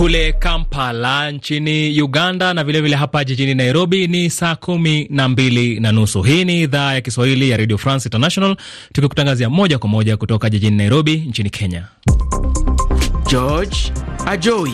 Kule Kampala nchini Uganda na vilevile vile hapa jijini Nairobi ni saa kumi na mbili na nusu. Hii ni idhaa ya Kiswahili ya Radio France International tukikutangazia moja kwa moja kutoka jijini Nairobi nchini Kenya. George Ajoi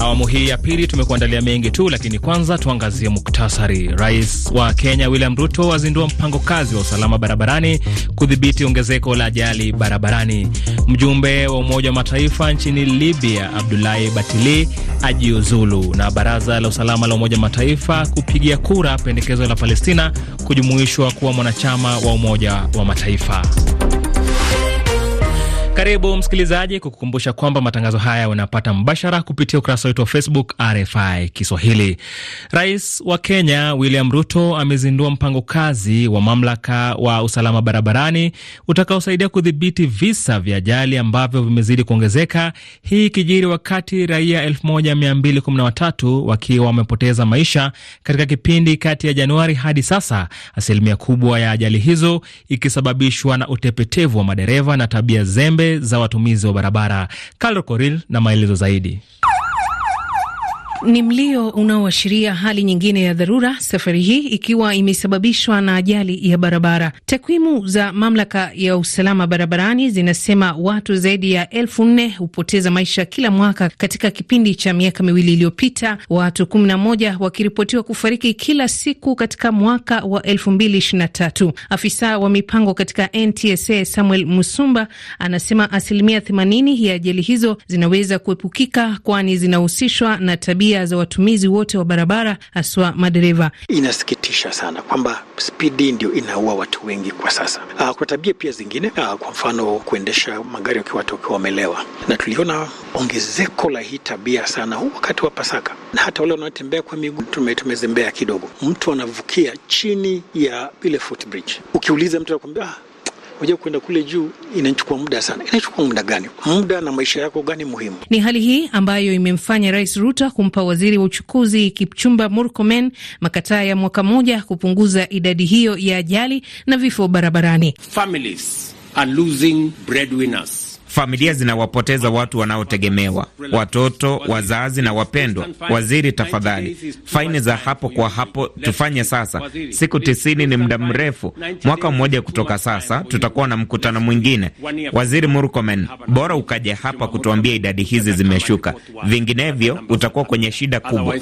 Awamu hii ya pili tumekuandalia mengi tu, lakini kwanza tuangazie muktasari. Rais wa Kenya William Ruto azindua mpango kazi wa usalama barabarani kudhibiti ongezeko la ajali barabarani. Mjumbe wa Umoja wa Mataifa nchini Libya Abdulahi Batili ajiuzulu, na Baraza la Usalama la Umoja wa Mataifa kupigia kura pendekezo la Palestina kujumuishwa kuwa mwanachama wa Umoja wa Mataifa. Karibu msikilizaji, kukukumbusha kwamba matangazo haya unapata mbashara kupitia ukurasa wetu wa Facebook RFI Kiswahili. Rais wa Kenya William Ruto amezindua mpango kazi wa mamlaka wa usalama barabarani utakaosaidia kudhibiti visa vya ajali ambavyo vimezidi kuongezeka, hii ikijiri wakati raia 1213 wakiwa wamepoteza maisha katika kipindi kati ya Januari hadi sasa, asilimia kubwa ya ajali hizo ikisababishwa na utepetevu wa madereva na tabia zembe za watumizi wa barabara. Carol na maelezo zaidi. Ni mlio unaoashiria hali nyingine ya dharura, safari hii ikiwa imesababishwa na ajali ya barabara. Takwimu za mamlaka ya usalama barabarani zinasema watu zaidi ya elfu nne hupoteza maisha kila mwaka. Katika kipindi cha miaka miwili iliyopita, watu kumi na moja wakiripotiwa kufariki kila siku katika mwaka wa elfu mbili ishirini na tatu. Afisa wa mipango katika NTSA Samuel Musumba anasema asilimia themanini ya ajali hizo zinaweza kuepukika kwani zinahusishwa na tabia hisia za watumizi wote wa barabara, haswa madereva. Inasikitisha sana kwamba spidi ndio inaua watu wengi kwa sasa. Aa, ah, kwa tabia pia zingine aa, ah, kwa mfano kuendesha magari wakiwa watu wakiwa wamelewa, na tuliona ongezeko la hii tabia sana huu wakati wa Pasaka, na hata wale wanaotembea kwa miguu tumezembea kidogo. Mtu anavukia chini ya ile footbridge, ukiuliza mtu anakuambia ah, waje kwenda kule juu inachukua muda sana. Inachukua muda gani? Muda na maisha yako gani muhimu? Ni hali hii ambayo imemfanya Rais Ruto kumpa waziri wa uchukuzi Kipchumba Murkomen makataa ya mwaka mmoja kupunguza idadi hiyo ya ajali na vifo barabarani. Families are losing breadwinners. Familia zinawapoteza watu wanaotegemewa, watoto, wazazi na wapendwa. Waziri, tafadhali, faini za hapo kwa hapo tufanye sasa. Siku tisini ni muda mrefu. Mwaka mmoja kutoka sasa tutakuwa na mkutano mwingine. Waziri Murkomen, bora ukaja hapa kutuambia idadi hizi zimeshuka, vinginevyo utakuwa kwenye shida kubwa.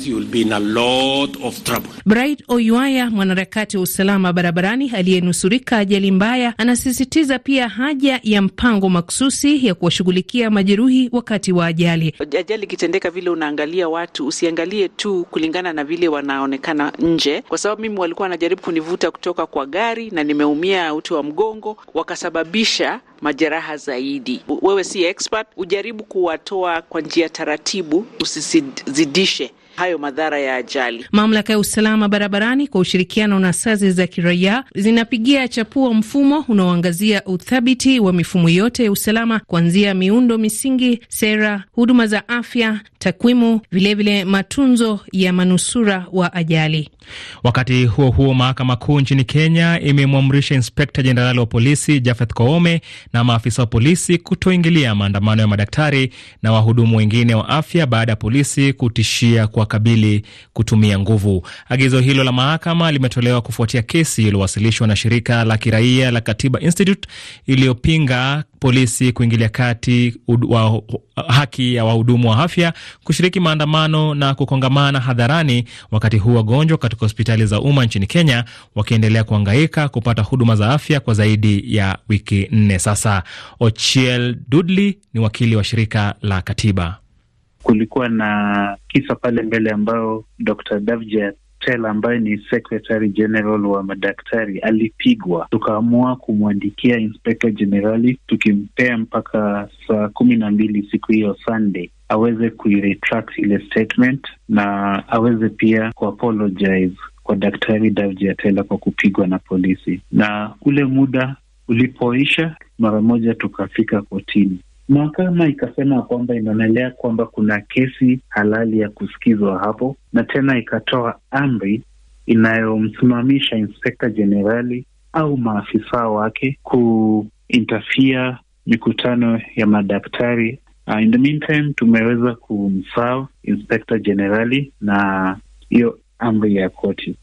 Bright Oyuaya, mwanaharakati wa usalama barabarani aliyenusurika ajali mbaya, anasisitiza pia haja ya mpango maksusi ya kuwashughulikia majeruhi wakati wa ajali. Ajali ikitendeka vile, unaangalia watu, usiangalie tu kulingana na vile wanaonekana nje, kwa sababu mimi walikuwa wanajaribu kunivuta kutoka kwa gari na nimeumia uti wa mgongo, wakasababisha majeraha zaidi. Wewe si expert, ujaribu kuwatoa kwa njia taratibu, usizidishe hayo madhara ya ajali. Mamlaka ya usalama barabarani kwa ushirikiano na asasi za kiraia zinapigia chapua mfumo unaoangazia uthabiti wa mifumo yote ya usalama kuanzia miundo misingi, sera, huduma za afya, takwimu, vilevile vile matunzo ya manusura wa ajali. Wakati huo huo, mahakama kuu nchini Kenya imemwamrisha inspekta jenerali wa polisi Jafeth Koome na maafisa wa polisi kutoingilia maandamano ya madaktari na wahudumu wengine wa afya baada ya polisi kutishia kuwakabili kutumia nguvu. Agizo hilo la mahakama limetolewa kufuatia kesi iliyowasilishwa na shirika la kiraia la Katiba Institute iliyopinga polisi kuingilia kati wa haki ya wahudumu wa afya kushiriki maandamano na kukongamana hadharani, wakati huu wagonjwa katika hospitali za umma nchini Kenya wakiendelea kuangaika kupata huduma za afya kwa zaidi ya wiki nne sasa. Ochiel dudli ni wakili wa shirika la Katiba. Kulikuwa na kisa pale mbele ambayo Dr. Tel ambaye ni Secretary General wa madaktari alipigwa, tukaamua kumwandikia inspekta Generali tukimpea mpaka saa kumi na mbili siku hiyo Sunday aweze kuiretract ile statement na aweze pia kuapologize kwa Daktari Davji Atela kwa kupigwa na polisi, na ule muda ulipoisha mara moja tukafika kotini. Mahakama ikasema kwamba imeonelea kwamba kuna kesi halali ya kusikizwa hapo, na tena ikatoa amri inayomsimamisha inspekta jenerali au maafisa wake kuintafia mikutano ya madaktari. Uh, in the meantime tumeweza kumsao inspekta jenerali na hiyo amri ya koti.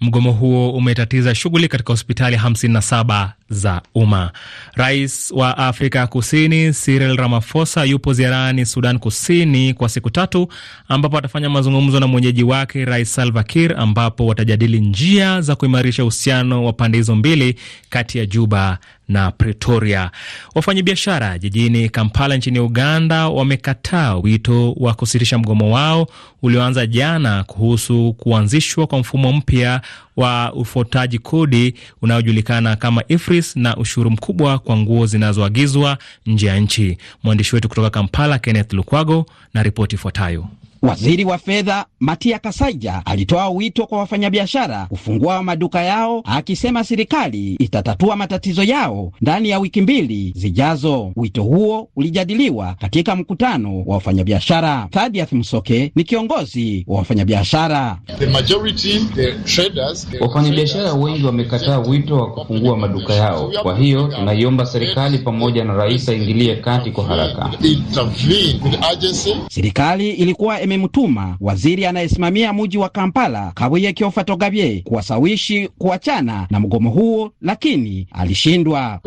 Mgomo huo umetatiza shughuli katika hospitali hamsini na saba za umma. Rais wa Afrika Kusini Cyril Ramaphosa yupo ziarani Sudan Kusini kwa siku tatu, ambapo atafanya mazungumzo na mwenyeji wake Rais Salva Kiir, ambapo watajadili njia za kuimarisha uhusiano wa pande hizo mbili kati ya Juba na Pretoria. Wafanyabiashara jijini Kampala nchini Uganda wamekataa wito wa kusitisha mgomo wao ulioanza jana kuhusu kuanzishwa kwa mfumo mpya wa ufuataji kodi unaojulikana kama IFRI Chris na ushuru mkubwa kwa nguo zinazoagizwa nje ya nchi. Mwandishi wetu kutoka Kampala, Kenneth Lukwago, na ripoti ifuatayo. Waziri wa fedha Matia Kasaija alitoa wito kwa wafanyabiashara kufungua maduka yao, akisema serikali itatatua matatizo yao ndani ya wiki mbili zijazo. Wito huo ulijadiliwa katika mkutano wa wafanyabiashara. Thadiath Msoke ni kiongozi wa wafanyabiashara. Wafanyabiashara wengi wamekataa wito wa kufungua maduka yao, kwa hiyo tunaiomba serikali pamoja na rais aingilie kati kwa haraka. Serikali ilikuwa ime mtuma waziri anayesimamia mji wa Kampala Kabuye Kyofa Togabye kuwasawishi kuachana na mgomo huo, lakini alishindwa.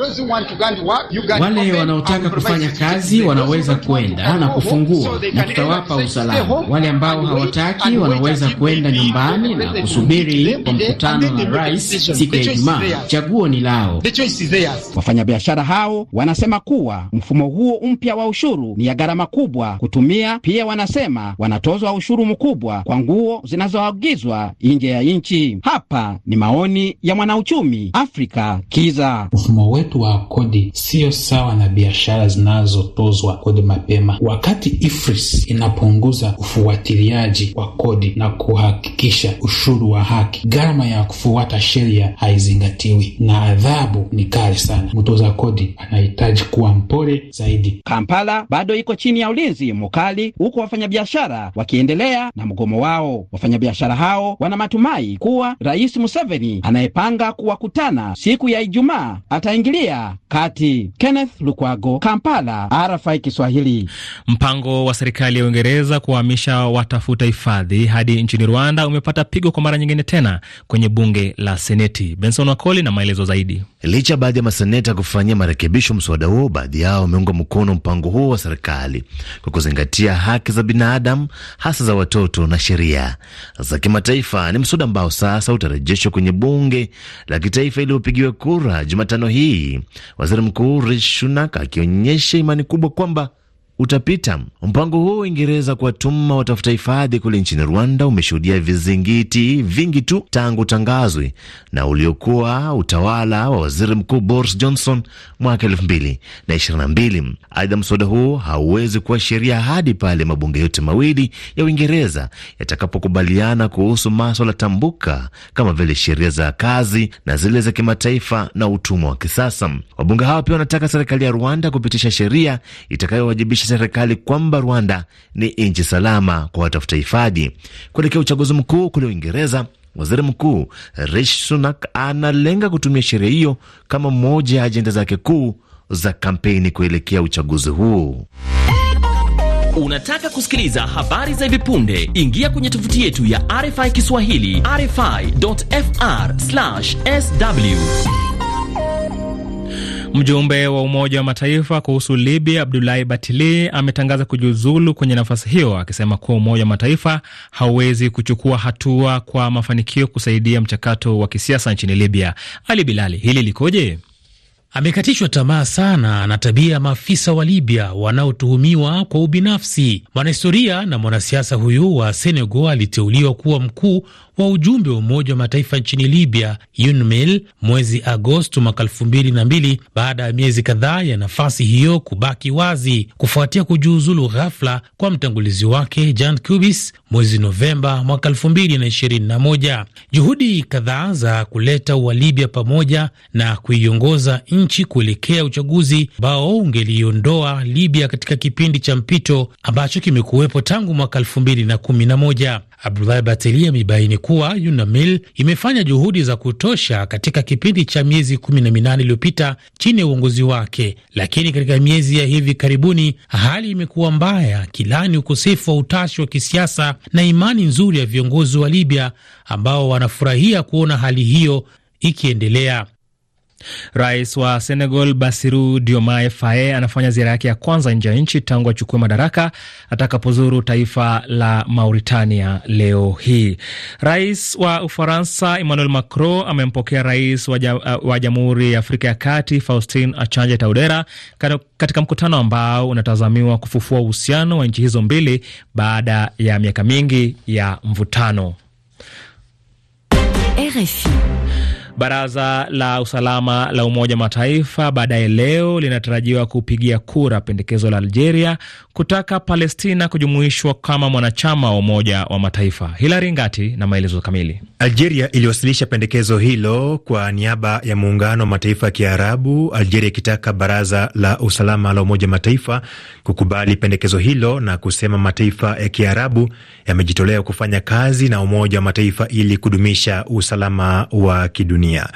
Wale wanaotaka kufanya kazi wanaweza kwenda na kufungua na tutawapa usalama. Wale ambao hawataki wanaweza kwenda nyumbani na kusubiri kwa mkutano na rais siku ya Ijumaa. Chaguo ni lao. Wafanyabiashara hao wanasema kuwa mfumo huo mpya wa ushuru ni ya gharama kubwa kutumia. Pia wanasema wana wanatozwa ushuru mkubwa kwa nguo zinazoagizwa nje ya nchi. Hapa ni maoni ya mwanauchumi Afrika Kiza. Mfumo wetu wa kodi siyo sawa na biashara zinazotozwa kodi mapema. Wakati IFRIS inapunguza ufuatiliaji wa kodi na kuhakikisha ushuru wa haki, gharama ya kufuata sheria haizingatiwi na adhabu ni kali sana. Mtoza kodi anahitaji kuwa mpole zaidi. Kampala bado iko chini ya ulinzi mkali, huku wafanyabiashara wakiendelea na mgomo wao. Wafanyabiashara hao wana matumai kuwa Rais Museveni anayepanga kuwakutana siku ya Ijumaa ataingilia kati. Kenneth Lukwago, Kampala, RFI Kiswahili. Mpango wa serikali ya Uingereza kuwahamisha watafuta hifadhi hadi nchini Rwanda umepata pigo kwa mara nyingine tena kwenye bunge la Seneti. Benson Wakoli na maelezo zaidi. Licha baadhi ya maseneta kufanyia marekebisho mswada huo, baadhi yao wameunga mkono mpango huo wa serikali kwa kuzingatia haki za binadamu, hasa za watoto na sheria za kimataifa. Ni mswada ambao sasa utarejeshwa kwenye bunge la kitaifa ili upigiwe kura Jumatano hii, waziri mkuu Rishi Sunak akionyesha imani kubwa kwamba utapita. Mpango huo Uingereza kuwatuma watafuta hifadhi kule nchini Rwanda umeshuhudia vizingiti vingi tu tangu tangazwe na uliokuwa utawala wa waziri mkuu Boris Johnson mwaka elfu mbili na ishirini na mbili. Aidha, mswada huo hauwezi kuwa sheria hadi pale mabunge yote mawili ya Uingereza yatakapokubaliana kuhusu maswala tambuka kama vile sheria za kazi na zile za kimataifa na utumwa wa kisasa. Wabunge hawa pia wanataka serikali ya Rwanda kupitisha sheria itakayowajibisha serikali kwamba Rwanda ni nchi salama kwa watafuta hifadhi. Kuelekea uchaguzi mkuu kule Uingereza, waziri mkuu Rishi Sunak analenga kutumia sheria hiyo kama moja ya ajenda zake kuu za kampeni kuelekea uchaguzi huu. Unataka kusikiliza habari za hivi punde? Ingia kwenye tovuti yetu ya RFI Kiswahili, rfi.fr/sw. Mjumbe wa Umoja wa Mataifa kuhusu Libya Abdulahi Batili ametangaza kujiuzulu kwenye nafasi hiyo, akisema kuwa Umoja wa Mataifa hauwezi kuchukua hatua kwa mafanikio kusaidia mchakato wa kisiasa nchini Libya. Ali Bilali, hili likoje? Amekatishwa tamaa sana na tabia ya maafisa wa Libya wanaotuhumiwa kwa ubinafsi. Mwanahistoria na mwanasiasa huyu wa Senegal aliteuliwa kuwa mkuu wa ujumbe wa Umoja wa Mataifa nchini Libya, UNMIL, mwezi Agosti mwaka elfu mbili na mbili baada ya miezi kadhaa ya nafasi hiyo kubaki wazi kufuatia kujiuzulu ghafla kwa mtangulizi wake Jan Kubis mwezi Novemba mwaka elfu mbili na ishirini na moja. Juhudi kadhaa za kuleta Walibya pamoja na kuiongoza nchi kuelekea uchaguzi ambao ungeliondoa Libya katika kipindi cha mpito ambacho kimekuwepo tangu mwaka elfu mbili na kumi na moja. Abdulahi Bateli amebaini kuwa UNAMIL imefanya juhudi za kutosha katika kipindi cha miezi kumi na minane iliyopita chini ya uongozi wake, lakini katika miezi ya hivi karibuni hali imekuwa mbaya, kilani ukosefu wa utashi wa kisiasa na imani nzuri ya viongozi wa Libya ambao wanafurahia kuona hali hiyo ikiendelea. Rais wa Senegal Basiru Diomaye Faye anafanya ziara yake ya kwanza nje ya nchi tangu achukue madaraka atakapozuru taifa la Mauritania leo hii. Rais wa Ufaransa Emmanuel Macron amempokea rais wa uh, Jamhuri ya Afrika ya Kati Faustin Achanje Taudera katika mkutano ambao unatazamiwa kufufua uhusiano wa nchi hizo mbili baada ya miaka mingi ya mvutano. RFI. Baraza la usalama la Umoja wa Mataifa baadaye leo linatarajiwa kupigia kura pendekezo la Algeria kutaka Palestina kujumuishwa kama mwanachama wa Umoja wa Mataifa. Hilari Ngati na maelezo kamili. Algeria iliwasilisha pendekezo hilo kwa niaba ya Muungano wa Mataifa ya Kiarabu, Algeria ikitaka Baraza la Usalama la Umoja wa Mataifa kukubali pendekezo hilo na kusema mataifa ya Kiarabu yamejitolea kufanya kazi na Umoja wa Mataifa ili kudumisha usalama wa kidunia dunia.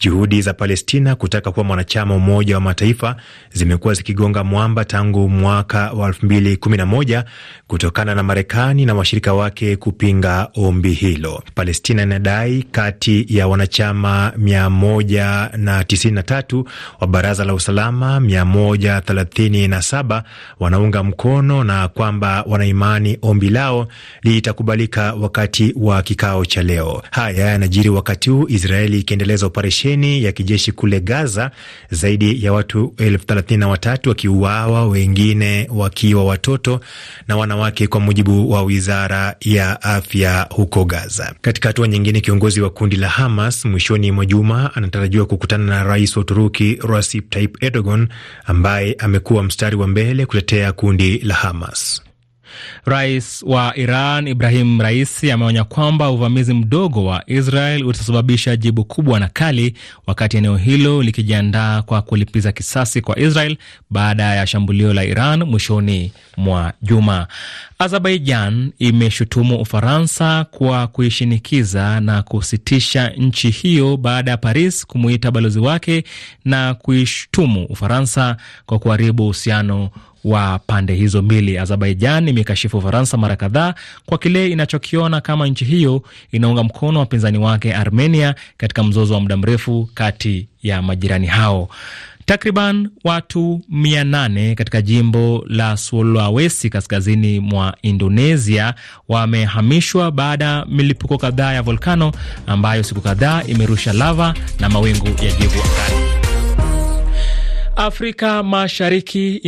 Juhudi za Palestina kutaka kuwa mwanachama Umoja wa Mataifa zimekuwa zikigonga mwamba tangu mwaka wa 2011 kutokana na Marekani na washirika wake kupinga ombi hilo. Palestina inadai kati ya wanachama 193 wa Baraza la Usalama 137 wanaunga mkono na kwamba wanaimani ombi lao litakubalika wakati wa kikao cha leo. Haya yanajiri wakati huu Israeli inaendeleza operesheni ya kijeshi kule Gaza, zaidi ya watu elfu thelathini na watatu wakiuawa, wengine wakiwa watoto na wanawake, kwa mujibu wa wizara ya afya huko Gaza. Katika hatua nyingine, kiongozi wa kundi la Hamas mwishoni mwa juma anatarajiwa kukutana na rais wa Uturuki Recep Tayyip Erdogan ambaye amekuwa mstari wa mbele kutetea kundi la Hamas. Rais wa Iran Ibrahim Raisi ameonya kwamba uvamizi mdogo wa Israel utasababisha jibu kubwa na kali, wakati eneo hilo likijiandaa kwa kulipiza kisasi kwa Israel baada ya shambulio la Iran mwishoni mwa juma. Azerbaijan imeshutumu Ufaransa kwa kuishinikiza na kusitisha nchi hiyo baada ya Paris kumuita balozi wake na kuishutumu Ufaransa kwa kuharibu uhusiano wa pande hizo mbili. Azerbaijan imekashifu Ufaransa mara kadhaa kwa kile inachokiona kama nchi hiyo inaunga mkono wapinzani wake Armenia katika mzozo wa muda mrefu kati ya majirani hao. Takriban watu mia nane katika jimbo la Sulawesi kaskazini mwa Indonesia wamehamishwa baada ya milipuko kadhaa ya volkano ambayo siku kadhaa imerusha lava na mawingu ya jivu Afrika Mashariki